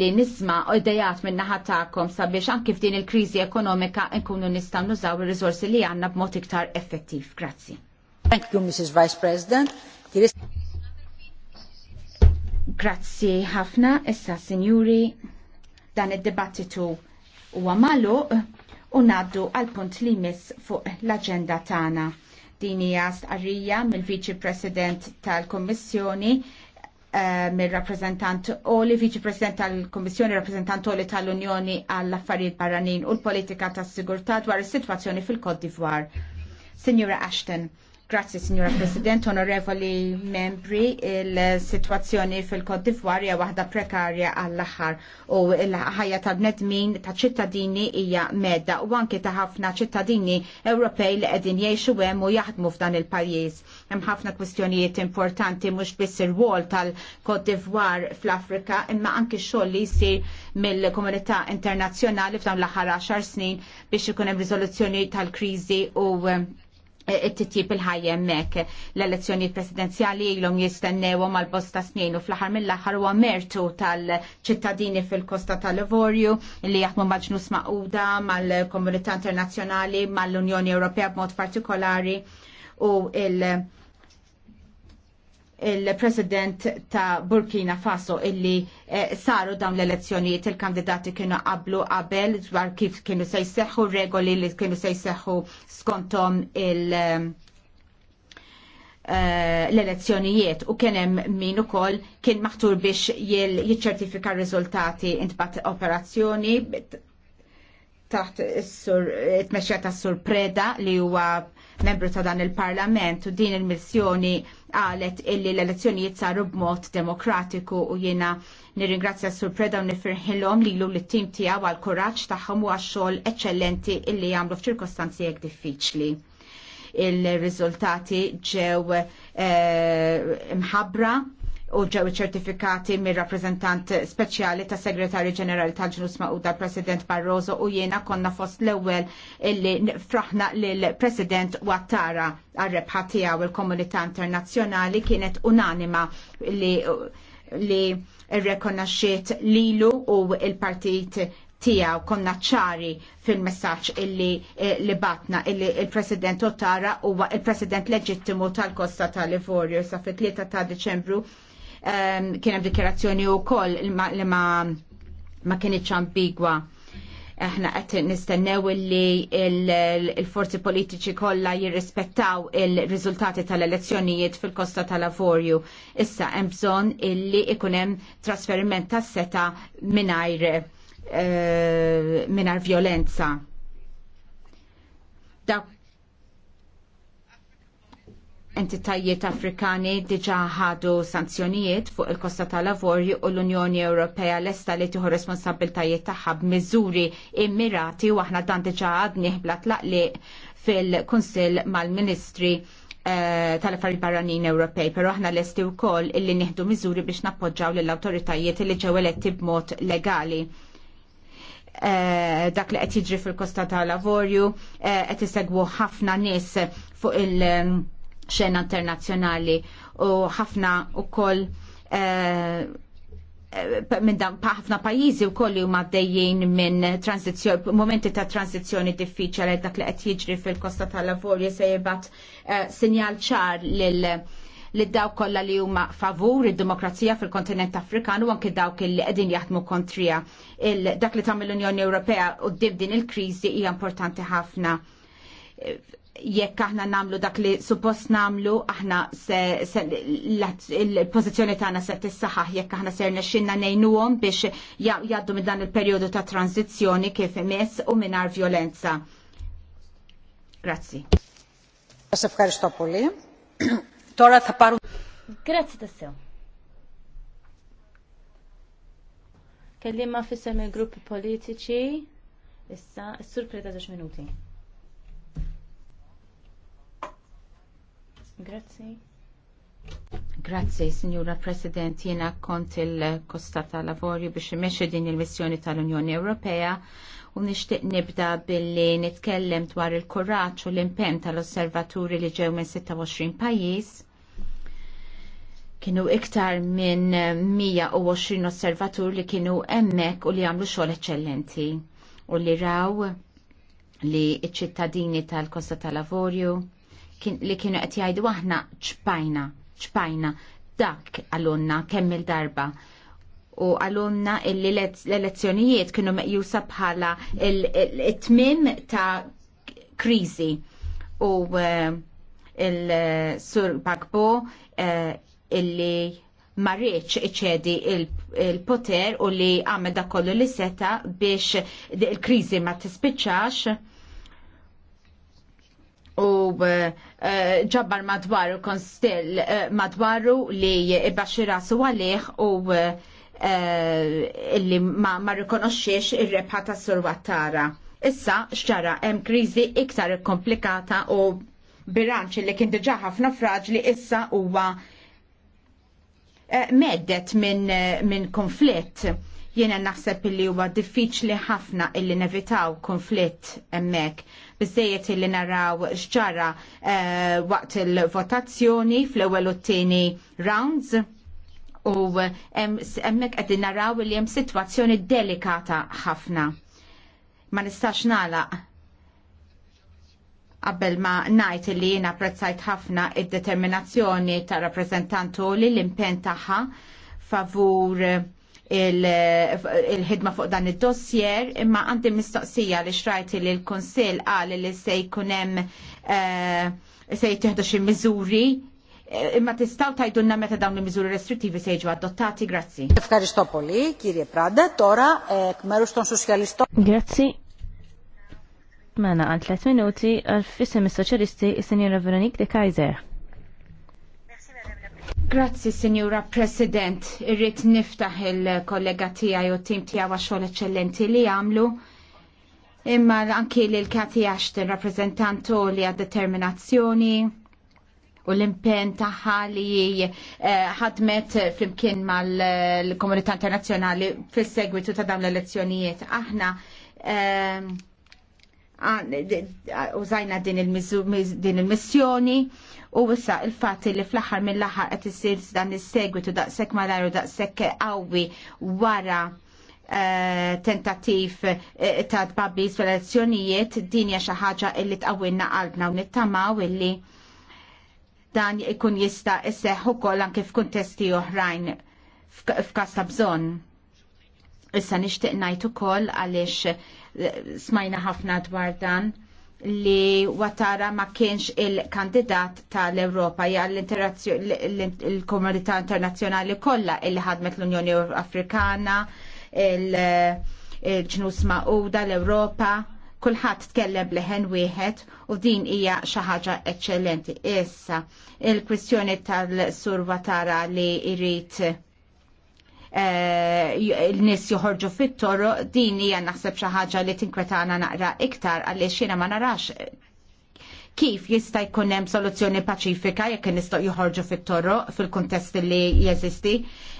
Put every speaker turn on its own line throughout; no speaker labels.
li nisma oddejat minn naħatakom sabiex anki f'din il-krizi ekonomika nkunu nistaw nużaw il-rizorsi li għanna b'mod iktar effettiv. Grazzi. Thank you, Mrs. Vice President. Grazzi ħafna, issa sinjuri, dan id-dibattitu huwa għamalu u naddu għal punt li mis fuq l-agenda tagħna. Din hija stqarrija mill-Viċi President tal-Kommissjoni Eh, mir-rappresentant Oli, viċi president tal kummissjoni rappresentant Oli tal-Unjoni għall-Affarijiet Barranin u l-Politika tas-Sigurtà dwar is-sitwazzjoni fil-Kod d'Ivoire. Signora Ashton, Grazzi, Signora President, onorevoli membri, il-situazzjoni fil-Kod d'Ivoire hija waħda prekarja għall-aħħar u l-ħajja ta' bnedmin ta' ċittadini hija medda u anke ta' ħafna ċittadini Ewropej li qegħdin jgħixu hemm u jaħdmu f'dan il-pajjiż. Hemm ħafna kwistjonijiet importanti mhux biss ir-wol tal-Kod divwar fl-Afrika, imma anke xogħol li jsir mill-komunità internazzjonali f'dawn l-aħħar 10 snin biex ikun hemm riżoluzzjoni tal-kriżi u it-titjib il-ħajja mek l-elezzjoni presidenziali ilhom jistennewhom mal bosta snin u fl-aħħar mill-aħħar huwa mertu tal-ċittadini fil-Kosta tal-Livorju li jaħmu ma'ġnus ġnus maquda mal-Komunità Internazzjonali mal-Unjoni Ewropea b'mod partikolari u il- il-President ta' Burkina Faso illi eh, saru dawn l-elezzjonijiet il-kandidati kienu qablu qabel dwar kif kienu se jseħħu regoli li kienu se jseħħu skontom il- eh, l-elezzjonijiet u kienem min ukoll kien maħtur biex jiċċertifika r-riżultati intbat operazzjoni taħt it tmexxja tas-sur Preda li huwa membru ta' dan il-Parlament u din il-missjoni qalet illi l-elezzjonijiet saru b'mod demokratiku u jiena nirringrazzja Sur Preda u nifirħilhom lilu l tim tiegħu għal kuraġġ tagħhom u għax-xogħol eċċellenti illi jagħmlu f'ċirkostanzi jek diffiċli il-riżultati ġew mħabra. Eh, mħabbra u ġew ċertifikati mir rappreżentant speċjali ta' segretarju ġenerali tal-ġnus Mauda President Barroso u jiena konna fost l-ewwel illi fraħna lil President Wattara għar-rebħa tiegħu il-komunità internazzjonali kienet unanima li li rrekonnaxxiet lilu u il-partit tiegħu konna ċari fil messaġġ illi eh, li batna illi il-President Ottara huwa il-President leġittimu tal-Kosta tal-Livorju sa fit-3 ta' Deċembru kien hemm dikjerazzjoni wkoll li ma ma kienitx ambigwa aħna qed nistennew li l forzi politiċi kollha jirrispettaw il-riżultati tal-elezzjonijiet fil-Kosta tal-Avorju. Issa hemm bżonn illi ikun hemm trasferiment tas-seta mingħajr eh, mingħajr violenza. Dak entitajiet Afrikani diġa ħadu sanzjonijiet fuq il-Kosta tal-Lavorju u l-Unjoni Ewropea lesta li tieħu responsabiltajiet tagħha b'miżuri immirati u aħna dan diġa għadni bla tlaqli fil-Kunsill mal-Ministri eh, tal-affari barranin Ewropej, pero aħna lesti wkoll illi nieħdu miżuri biex nappoġġaw lill-awtoritajiet li ġew eletti b'mod legali. Eh, dak li qed jiġri fil-Kosta tal-Lavorju eh, qed isegwu ħafna nies fuq il- xena internazzjonali u ħafna u koll eh, eh, ħafna minn u koll pajjiżi wkoll huma għaddejjin minn transizzjoni momenti ta' transizzjoni diffiċli dak li qed jiġri fil-Kosta tal-Lavorja se jibgħat eh, sinjal ċar lil li daw kolla li huma favur id-demokrazija fil-kontinent Afrikan u anki dawk li qegħdin jaħdmu kontrija. dak li tagħmel l-Unjoni Ewropea u din il-kriżi hija importanti ħafna jekk aħna namlu dak li suppost namlu, aħna se il-pozizjoni tagħna se tissaħħaħ jekk aħna ser nexxinna ngħinuhom biex jgħaddu minn dan il-perjodu ta' tranzizzjoni kif imess u mingħajr violenza. Grazzi. Tora ta' paru.
Grazzi tassew. Kellimma fissem il-gruppi politiċi, issa, s-surpreta 10 minuti. Grazzi.
Grazzi, Signora President, jiena kont il-Kosta lavori lavorju biex imexxi din il-missjoni tal-Unjoni Ewropea u nixtieq nibda billi nitkellem dwar il-kuraġġ u l-impenn tal-osservaturi li ġew minn 26 pajjiż. Kienu iktar minn 120 osservatur li kienu hemmhekk u li għamlu xogħol eċċellenti u li raw li ċ-ċittadini tal-Kosta tal-Lavorju li kienu qed jgħidu aħna ċpajna, ċpajna, dak għalunna kemm il-darba u għalunna l-elezzjonijiet kienu meqjusa bħala il-tmim ta' krizi u eh, il-sur Bagbo eh, illi marriċ iċedi il-poter u li għamel da kollu li seta biex il-krizi ma tispiċċax u eh, eh, ġabbar madwaru kon eh, madwaru li ibaxxi rasu għalih u li ma, rikonoxiex il ir-rebħa ta' Issa xċara hemm kriżi iktar komplikata u bilanċ li kien diġà ħafna fraġli issa huwa meddet minn min konflitt. Jiena naħseb li huwa diffiċli ħafna illi nevitaw konflitt hemmhekk bizzejiet li naraw xġara uh, waqt il-votazzjoni fl-ewwel u t-tieni rounds u hemmhekk qegħdin naraw li hemm sitwazzjoni delikata ħafna. Ma nistax nagħlaq qabel ma ngħid li jiena apprezzajt ħafna id-determinazzjoni tar rappreżentantu li l-impenn tagħha favur il-ħidma fuq dan id-dossier imma għandi mistoqsija li xrajti li l-Konsil qal li se jkun hemm eh, se jittieħdu xi miżuri eh, imma tistaw tajdunna meta dawn il-miżuri restrittivi se jiġu adottati, grazzi. Ευχαριστώ kirje Prada, Tora, kmeru εκ soċjalista. Grazzi. Mena għal 3
minuti għal fissim is soċjalisti is senjora Veronique de Kaiser.
Grazzi, Signora President. Irrit niftaħ il-kollega tijaj u tim tijaj għaxol eccellenti li għamlu. Imma anki li l-Kati Ashton rappresentantu li għad determinazzjoni u l-impen taħħa li eh, ħadmet flimkien mal-komunità internazjonali fil-segwitu ta' dawn l-elezzjonijiet. Aħna eh, użajna din il-missjoni u wissa il-fatti li fl-aħħar mill-aħħar qed isir dan is-segwitu daqshekk malar u daqshekk qawwi wara eh, tentattiv eh, ta' tbabbis fil elezzjonijiet din hija xi ħaġa li tqawwilna qalbna u nittamaw illi dan ikun jista' isseħħ ukoll anke f'kuntesti oħrajn f'każ ta' bżonn. Issa nixtieq ngħid ukoll għaliex eh, smajna ħafna dwar dan li Watara ma kienx il-kandidat tal-Europa ja l-komunità internazzjonali kollha li ħadmet l-Unjoni Afrikana, il-ġnus Mauda, l-Europa, kulħadd tkellem bleħen wieħed u din hija xi ħaġa eċċellenti. Issa, il-kwistjoni tal-Sur Watara li jrid l-nis eh, joħorġu fit-toru din hija naħseb xi ħaġa li tinkwetana naqra iktar għaliex jiena ma narax kif jista' jkun hemm soluzzjoni paċifika jekk nistgħu joħorġu fit-torro fil-kuntest li jeżisti.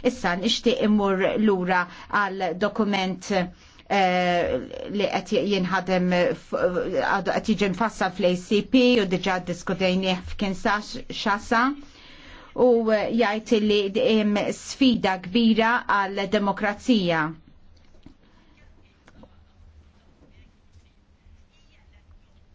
Issa nixtieq immur lura għal dokument eh, li qed jinħadem qed jiġi mfassal fl-ACP u diġà diskutejnieh sa xasa u jgħid li hemm sfida kbira għal demokrazija.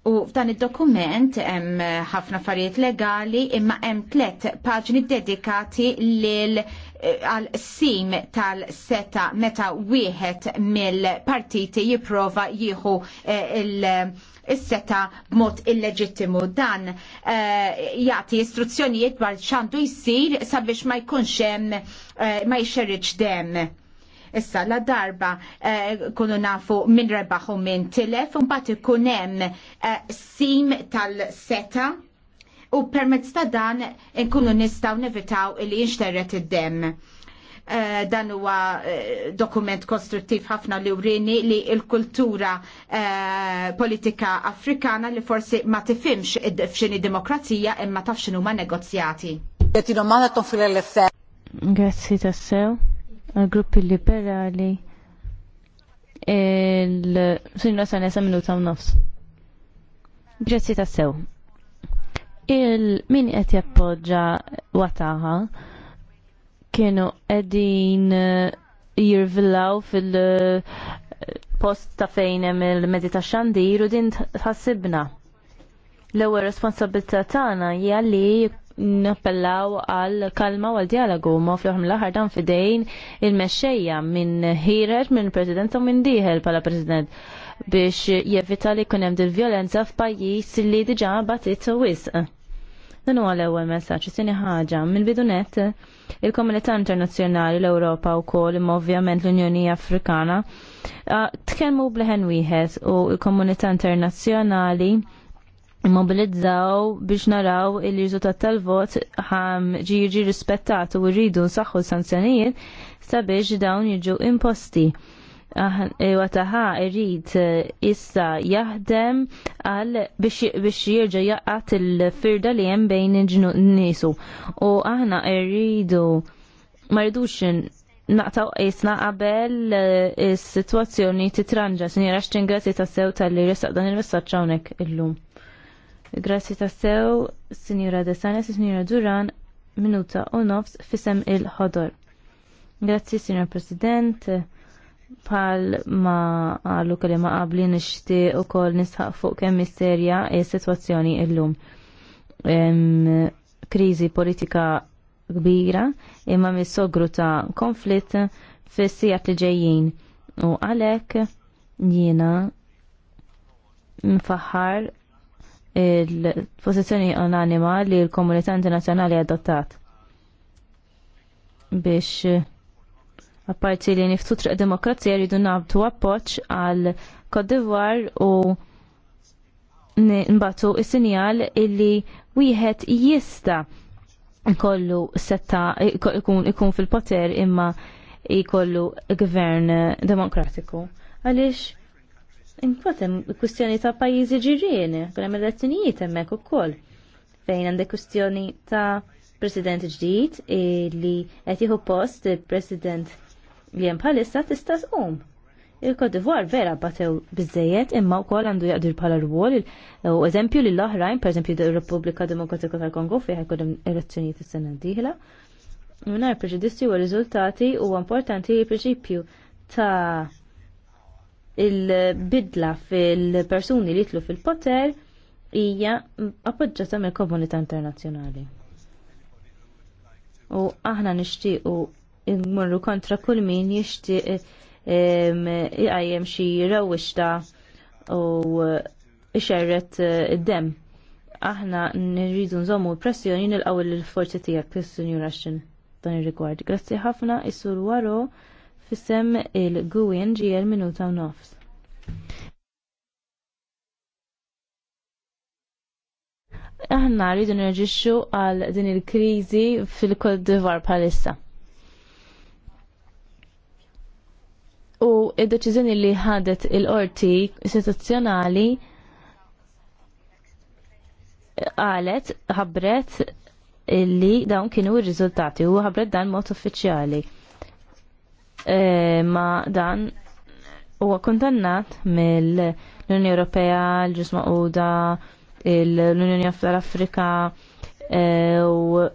U f'dan id-dokument hemm ħafna affarijiet legali imma hemm tliet paġni dedikati lil għal sim tal-seta meta wieħed mill-partiti jipprova jieħu eh, il- is-seta b'mod illeġittimu dan eh, jagħti istruzzjonijiet dwar x'għandu jsir sabiex ma jkunx hemm eh, ma jxerriġ dem. Issa la darba eh, kunu nafu minn rebaħu minn tilef, un bat ikun hemm sim tal-seta u permezz ta' dan inkunu nistaw nevitaw li jinxterret id-dem Eh, dan huwa eh, dokument kostruttiv ħafna li urini li il-kultura eh, politika afrikana li forsi ma tifimx f'xini demokrazija imma taf x'inhu ma negozjati.
Grazzi tassew. Gruppi liberali il-sinjora sanesa minu ta' nofs. Grazzi tassew. Il-min qed jappoġġa wataħa kienu edin eh, jirvillaw fil- eh, post ta' fejn hemm il-medi ta' xandir u din tħassibna. L-ewwel responsabilità tagħna hija li nappellaw għal kalma għal dialogu ma fl l-aħħar dan fidejn il-mexxejja minn ħireġ minn President u minn diħel bħala President biex jevita li jkun hemm dil violenza f'pajjiż li diġà batit wisq Dan huwa l-ewwel messaġġ. Sini ħaġa mill nett, il-komunità internazzjonali l-Ewropa wkoll imma ovvjament l-Unjoni Afrikana tkellmu bleħen wieħed u l-komunità internazzjonali immobilizzaw biex naraw il-riżultat tal-vot ħam ġiġi rispettat u rridu nsaħħu sanzjonijiet sabiex dawn jiġu imposti. Eh, wataħa irrid eh, issa jaħdem għal biex jirġa jaqqat il-firda li jem bejn nisu. U aħna irridu marridux naqtaw isna qabel eh, is-sitwazzjoni titranġa. Sinjera xtin grazzi ta' sew tal-li resaq dan il-messaġġ hawnhekk illum. Grazzi ta' sew, Sinjora Desanes, Sinjora Duran, minuta u nofs fisem il-ħodor. Grazzi, Sinjora President bħal ma għallu kelli ma qabli nishti u kol nisħaq fuq kemm misterja e situazzjoni illum. Krizi politika kbira imma mis-sogru ta' konflitt fis-sijat li ġejjin u għalhekk jiena mfaħar il-pożizzjoni unanima li l-komunità internazzjonali adottat biex Apparti li niftu triq demokrazija rridu nabtu appoċ għal Kodivar u nbatu is-sinjal illi wieħed jista kollu setta ikun, ikun fil-poter imma jkollu gvern demokratiku. Għaliex Inkwatem kustjoni ta' pajizi ġirien, għrem elezzjonijiet emmek u koll. Fejn għandek kustjoni ta' president ġdijt li għetiħu post president li hemm bħalissa tista' um. Il-Kodivuar vera batew bizzejiet imma wkoll għandu jaqdir bħala rwol u eżempju li l-oħrajn, pereżempju ir-Repubblika Demokratika tal-Kongo fih jkun hemm elezzjonijiet is-sena d-dieħla. Minar preġudizzi u riżultati u importanti il-preċipju ta' il-bidla fil-persuni li jitlu fil-poter hija appoġġata mill-komunità internazzjonali. U aħna nixtiequ immorru kontra kull min jishti jgħajem xi rawishta u xerret eh, id-dem. Aħna nirridu nżommu pressjoni nilqaw l forzi tiegħek, Sinjur Ashton, dan ir-rigward. Grazzi ħafna jissur waro fissem il-Gwin ġiel minuta u nofs. Aħna rridu nirġixxu għal din il-kriżi fil-Kod d'Ivar bħalissa u id-deċiżjoni li ħadet il-qorti istituzzjonali qalet ħabret li dawn kienu r-riżultati u ħabret dan mod uffiċjali. E, ma dan huwa kontannat mill-Unjoni Ewropea, l-Ġus Maquda, l-Unjoni tal-Afrika e, u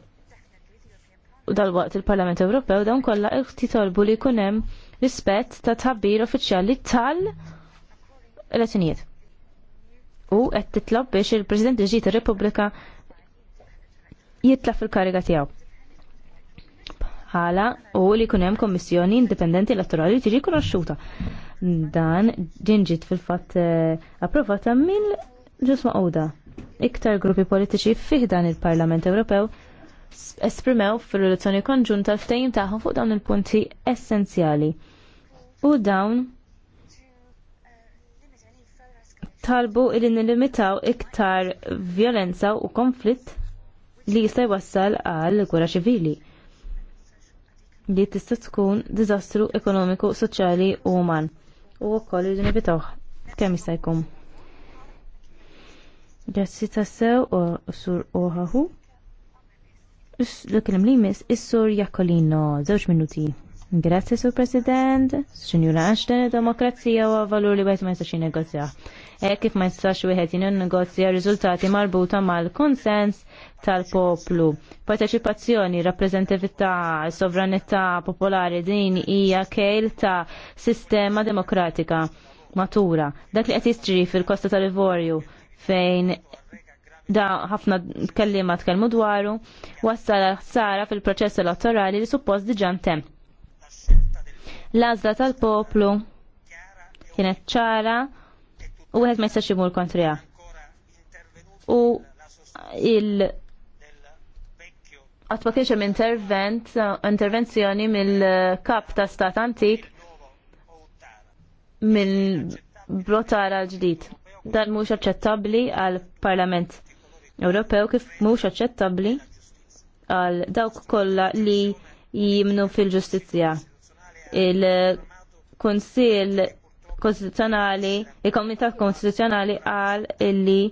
dal-waqt il-Parlament Ewropew dawn kollha titolbu li jkun hemm rispett ta' tabbir uffiċjali tal-elezzjonijiet. U qed titlob biex il-President ġiet ir-Repubblika jitla fil-kariga tiegħu. Ħala u li kun hemm kommissjoni indipendenti elettorali tiġi konoxxuta. Dan ġinġit fil-fatt eh, approvata mill ġusma Iktar gruppi politiċi fih dan il-Parlament Ewropew esprimew fil-relazzjoni konġunta ftejn tagħhom fuq dawn il-punti essenzjali. U dawn talbu li nilimitaw iktar violenza u konflitt li jista' jwassal għal gwerra ċivili li tista' tkun diżastru ekonomiku, soċjali u uman. U wkoll li nibitawh kemm jista' jkun. Grazzi tassew u sur oħahu l-kelim li mis, is-sur Jakolino, zewġ minuti. Grazie, Sur President, Sinjura Ashton, demokrazija u valur li għet ma jistax negozja. E kif ma jistax wieħed negozja riżultati marbuta mal-konsens tal-poplu. Parteċipazzjoni, rappreżentatività, sovranità popolari din hija kejl ta' sistema demokratika matura. Dak li qed jistri fil-Kosta tal-Ivorju fejn da ħafna kellima tkellmu dwaru, wassal ħsara fil-proċess elettorali li suppost diġan tem. L-għażla tal-poplu kienet ċara u għed ma jistax imur kontrija. U il għatma kienx hemm intervent, intervenzjoni mill-kap ta' stat antik mill-brotara l-ġdid. Dan mhux aċċettabbli għal parlament Ewropew kif mhux aċċettabbli għal dawk kollha li jimnu fil-ġustizzja. Il-Kunsil Konstituzzjonali, il-Komitat Konstituzzjonali għal illi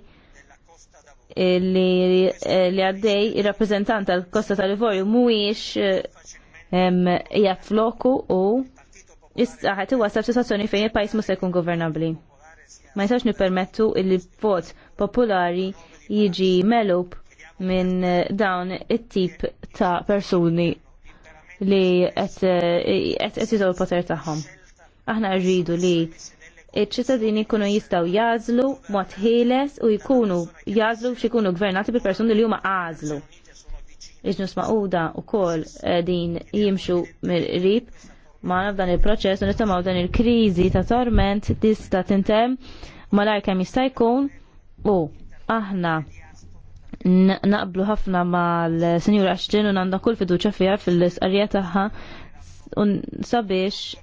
li għaddej il-rappresentant tal-Kosta tal-Livorju mhuwiex jgħat floku u issa ħati wasab situazzjoni fejn il-pajis se jkun governabbli. Ma jistax nippermettu il-vot popolari jiġi melub minn dawn it-tip ta' persuni li qed l poter tagħhom. Aħna rridu li iċ-ċittadini jkunu jistgħu jażlu mod ħieles u jkunu jażlu biex jkunu gvernati bi persuni li huma għażlu. Iġnus maquda u kol eh, din jimxu mill-qrib ma' dan il-proċess u nittamaw dan il-kriżi ta' torment tista' tintem malajr kemm jista' jkun u Aħna naqblu ħafna mal-Senjur Ashton u għanda kull fiduċa fiha fil taħħa tagħha sabiex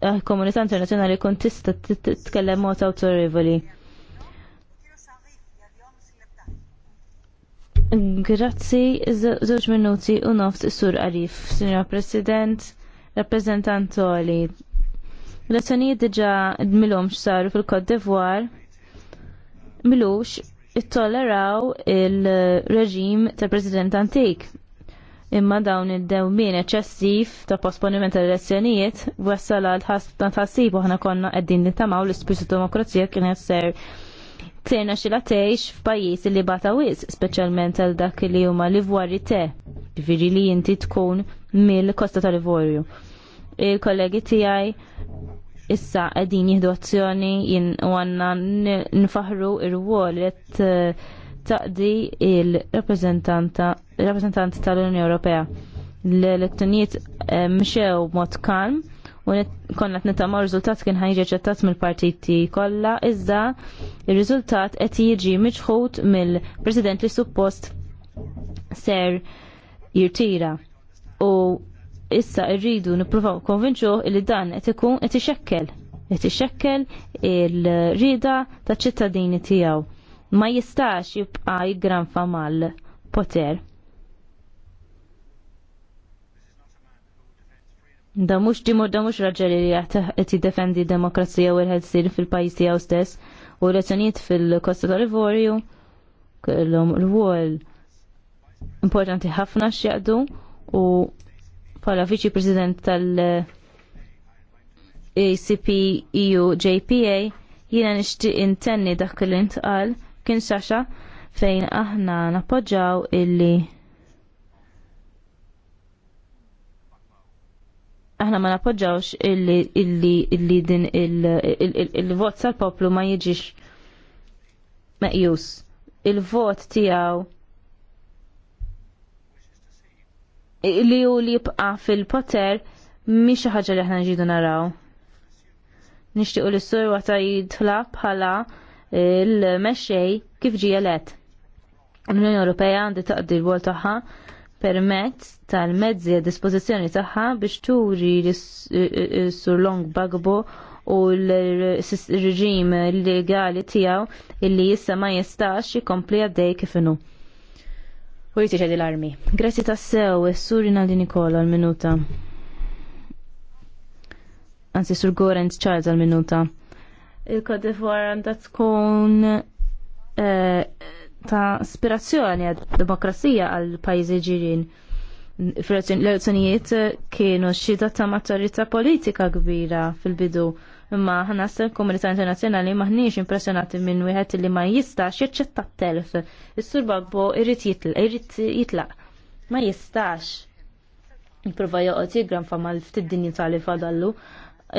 eh, komunità internazzjonali kun tista titkellem mod autorevoli. Grazzi, żewġ minuti u nofs sur Arif, Signor President, rappresentant Oli. L-azzjonijiet diġa d milom saru fil-Kod d'Ivoire milux it toleraw il-reġim tal-President Antik. Imma dawn id-dewmin eċessiv ta' posponiment tal-elezzjonijiet wassal għal ħafna tħassib aħna konna qegħdin nitamaw l-ispirtu demokrazija kien jasser tirna xilatejx f'pajis f'pajjiż li bata wis, speċjalment għal dak li huma livwari te, ġifieri li inti tkun mill-kosta tal-Livorju. Il-kollegi tiegħi issa qegħdin jieħdu azzjoni jien u għanna nfahru il wol eh, taqdi il-rappresentant tal-Unjoni Ewropea. L-elezzjonijiet eh, mxew mod kalm u konna t-nitama rizultat kien ħajġi ċettat mill-partiti kollha, iżda il-rizultat qed jiġi miċħut mill-President li suppost ser jirtira. U issa rridu nippruvaw konvinċuh li dan qed ikun qed ixekkel qed ixekkel il-rida ta' ċittadini tiegħu. Ma jistax jibqa' jigranfa famal poter Da mhux dimur da mhux raġel li qed jiddefendi d-demokrazija u l-ħelsir fil-pajjiż tiegħu stess u elezzjonijiet fil-Kosta ta' livorju kellhom rwol importanti ħafna x'jaqdu u pala viċi president tal-ACP EU JPA jina nishti intenni dak li intqal kien xaxa fejn aħna nappoġġaw illi aħna ma napoġġawx illi din il-vot sal poplu ma jiġix meqjus. Il-vot tiegħu li u li jibqa fil-poter miex ħaġa li aħna ġidu naraw. Nixtiequ li s-sur għata jidħla bħala il-mexxej eh, kif ġie elett. L-Unjoni Ewropea għandi taqdi l-wol tagħha permezz tal-mezzi a dispożizzjoni tagħha biex turi eh, eh, sur Long Bagbo u l-reġim legali tiegħu illi jissa ma jistax jikompli għaddej kif u jtiġedi l-armi. Grazzi tassew, sew sur Rinaldi Nikola l-minuta. Anzi, sur Gorenz Charles l-minuta. Il-Kodivwar għanda tkun eh, ta' ispirazzjoni għad demokrazija għal pajjiżi ġirin. L-elezzjonijiet kienu xi ta' maturità politika kbira fil-bidu imma ħanas l komunità internazzjonali maħniex impressjonati minn wieħed li ma jistax jaċċetta telf. Is-sur babbo irrid jitlaq. Ma jistax. Jiprofa joqgħod jigram fa' mal-ftit dinjità li fadallu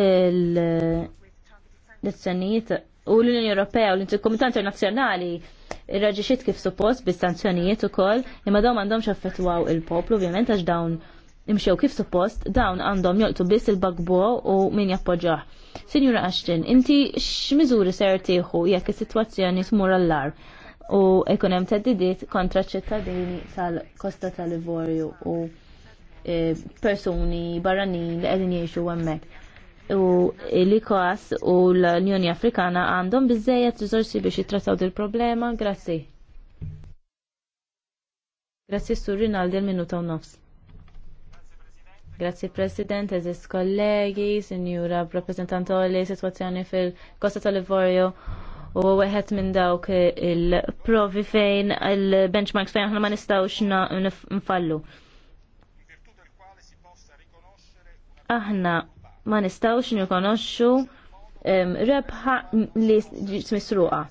l-izzjonijiet u l-Unjoni Ewropea u l-Komunità Internazzjonali irraġiċiet kif suppost bi sanzjonijiet ukoll imma dawn għandhom xaffetwaw il-poplu ovvjament għax dawn imxew kif suppost dawn għandhom jolqtu biss il-bagbo u min jappoġġah. Sinjura Ashton, inti x'miżuri ser tieħu jekk is-sitwazzjoni tmur allar u jkun hemm teddidiet kontra ċittadini tal-Kosta tal-Livorju u e, persuni barranin li qegħdin jgħixu hemmhekk u l-ICOAS u l-Unjoni Afrikana għandhom bizzejet rizorsi biex jitrattaw dil problema Grazzi. Grazzi Sur Rinaldi l-minuta u nofs. Grazzi President, eżis kollegi, Sinjura rappresentantoli, situazzjoni fil-Kosta tal livorio u għed minn dawk il-provi fejn il-benchmarks fejn ma nistawx nfallu. Aħna ma nistawx nikonoxxu rebħa li smisruqa.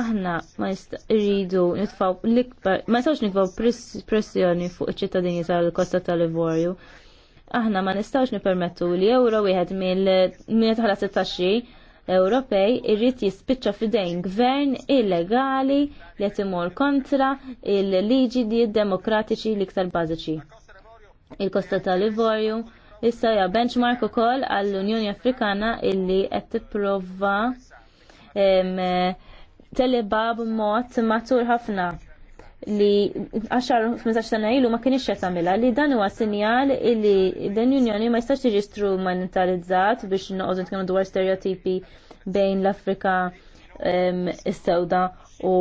Aħna ma jridu nitfaw l-ikbar, ma nistawx nitfaw pressjoni fuq iċ-ċittadini tal-Kosta tal-Livorju. tal kosta tal kosta tal livorju aħna ma nistawx nipermettu li euro wieħed mill 116 Ewropej irrid jispiċċa fidejn gvern illegali li qed imur kontra il-liġi demokratiċi l-iktar bażiċi. Il-Kosta tal-Livorju issa hija benchmark ukoll għall-Unjoni Afrikana illi qed tipprova telebab mod matur ħafna li 10-15 sena ilu ma kienix qed tagħmilha li dan huwa sinjal li dan unjoni ma jistax tiġi mentalizzat biex noqogħdu kienu dwar stereotipi bejn l-Afrika is-sewda u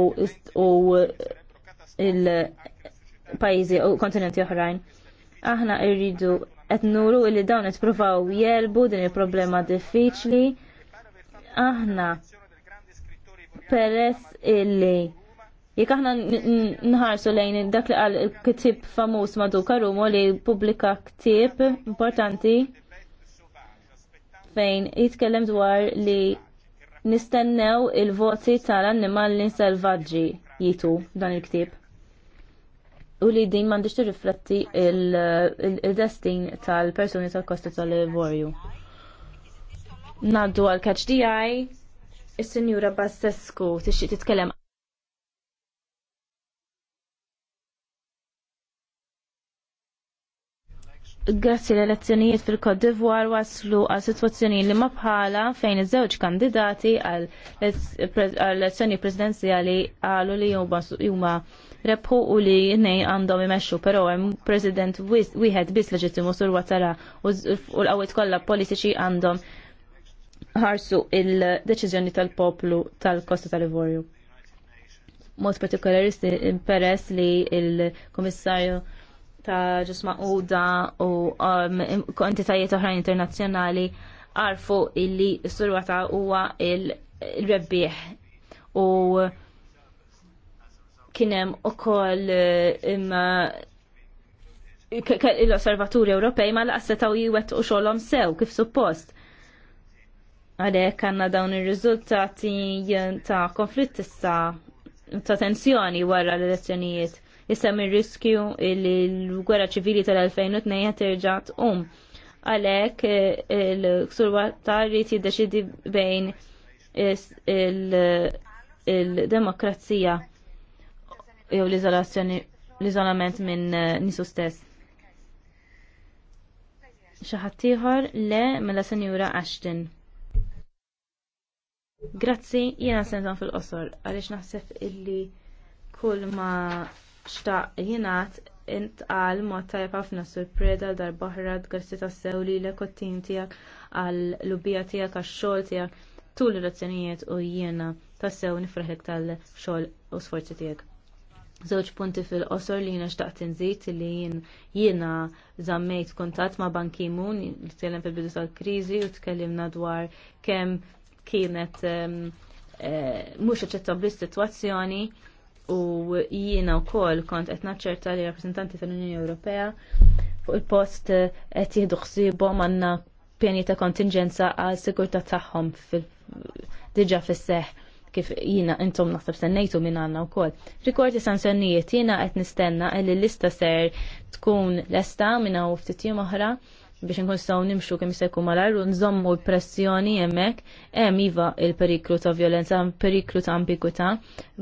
il-pajjiżi u kontinenti oħrajn. Aħna rridu qed nuru li dawn qed provaw jelbu din il-problema diffiċli. Aħna peress illi Jek aħna nħarsu lejn dak li għal ktib famus madu karumu li publika ktib importanti fejn jitkellem dwar li nistennew il-voti tal-annimali selvaġġi jitu dan il-ktib. U li din mandiġ tirrifletti il-destin tal-personi tal-kosta tal-vorju. Naddu għal-kaċ DI, il-Sinjura Bastesku, tixtieq titkellem grazzi l-elezzjonijiet fil-Kod d'Ivoire waslu għal situazzjoni li ma bħala fejn iż-żewġ kandidati għal elezzjoni presidenziali għalu li huma rebħu u li nej għandhom imexxu, però hemm president wieħed biss leġittimu sur watara u l-qawwiet kollha politiċi għandhom ħarsu il-deċiżjoni tal-poplu tal-Kosta tal-Ivorju. Mod partikolaristi peress li il-Komissarju ta' ġusma uda u um, kontitajiet oħrajn internazzjonali għarfu illi s-surwata huwa il-rebbieħ u kienem u koll uh, imma uh, l-osservaturi Ewropej ma laqsetaw jiwet u xolom sew kif suppost. Għalek għanna dawn ir-riżultati ta' konflitt issa ta' tensjoni wara l-elezzjonijiet issa minn riskju li l-gwerra ċivili tal-2002 terġa' um. Għalhekk eh, il-ksur wattar jrid jiddeċidi bejn il-demokrazija jew l izolament iżolament minn eh, nisu stess. Xaħatiħor ieħor le mela Senjura Ashton. Grazzi, jiena sentan fil-qosor, għaliex naħseb illi kull ma xtaq jingħad intqal mod tajjeb ħafna surpreda darboħra tgħassi tassew li l-ekottin tiegħek għal lubija tiegħek għax-xogħol tiegħek tul ir-razzjonijiet u jiena tassew nifraħlek tal-xogħol u sforzi tiegħek. Żewġ punti fil-qosor li jiena xtaqt inżid li jiena żammejt kuntatt ma' Ban Ki-moon li tkellem fil-bidu tal-kriżi u tkellimna dwar kemm kienet ehm, eh, mhux aċċettabbli s-sitwazzjoni u jiena wkoll kont qed naċċerta li rappresentanti tal-Unjoni Ewropea fuq il-post qed jieħdu ħsiebhom għandna pjani ta' kontingenza għal sigurtà tagħhom diġa fis-seħħ kif jiena intom naħseb sennejtu minn għandna wkoll. Rikordi sanzjonijiet jiena qed nistenna li l-lista ser tkun lesta minn hawn ftit jiem oħra biex nkun staw nimxu kemm se jkun malajr u nżommu l-pressjoni hemmhekk hemm iva il-periklu ta' violenza, periklu ta' ambigwità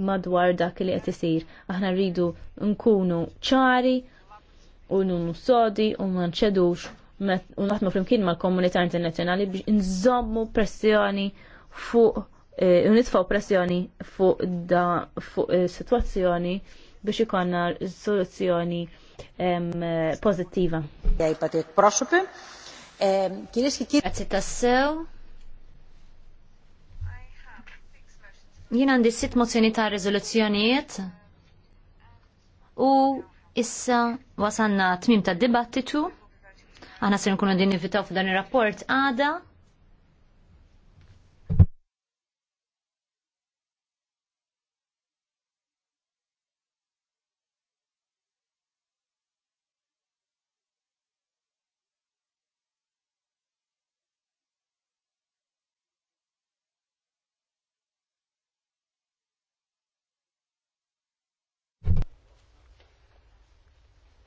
madwar dak li qed isir. Aħna rridu nkunu ċari u nunu sodi u ma nċedux u naħdmu flimkien mal-komunità internazzjonali biex nżommu pressjoni fuq eh, u nitfaw pressjoni fuq da fuq eh, situazzjoni biex ikonna soluzzjoni pozittiva. Jajpatit kikir. tassew. Jien għandi sitt mozzjoni ta' rezoluzzjonijiet u issa wasanna tmim ta' dibattitu. Għana se nkunu din nivitaw f'dan ir rapport għada.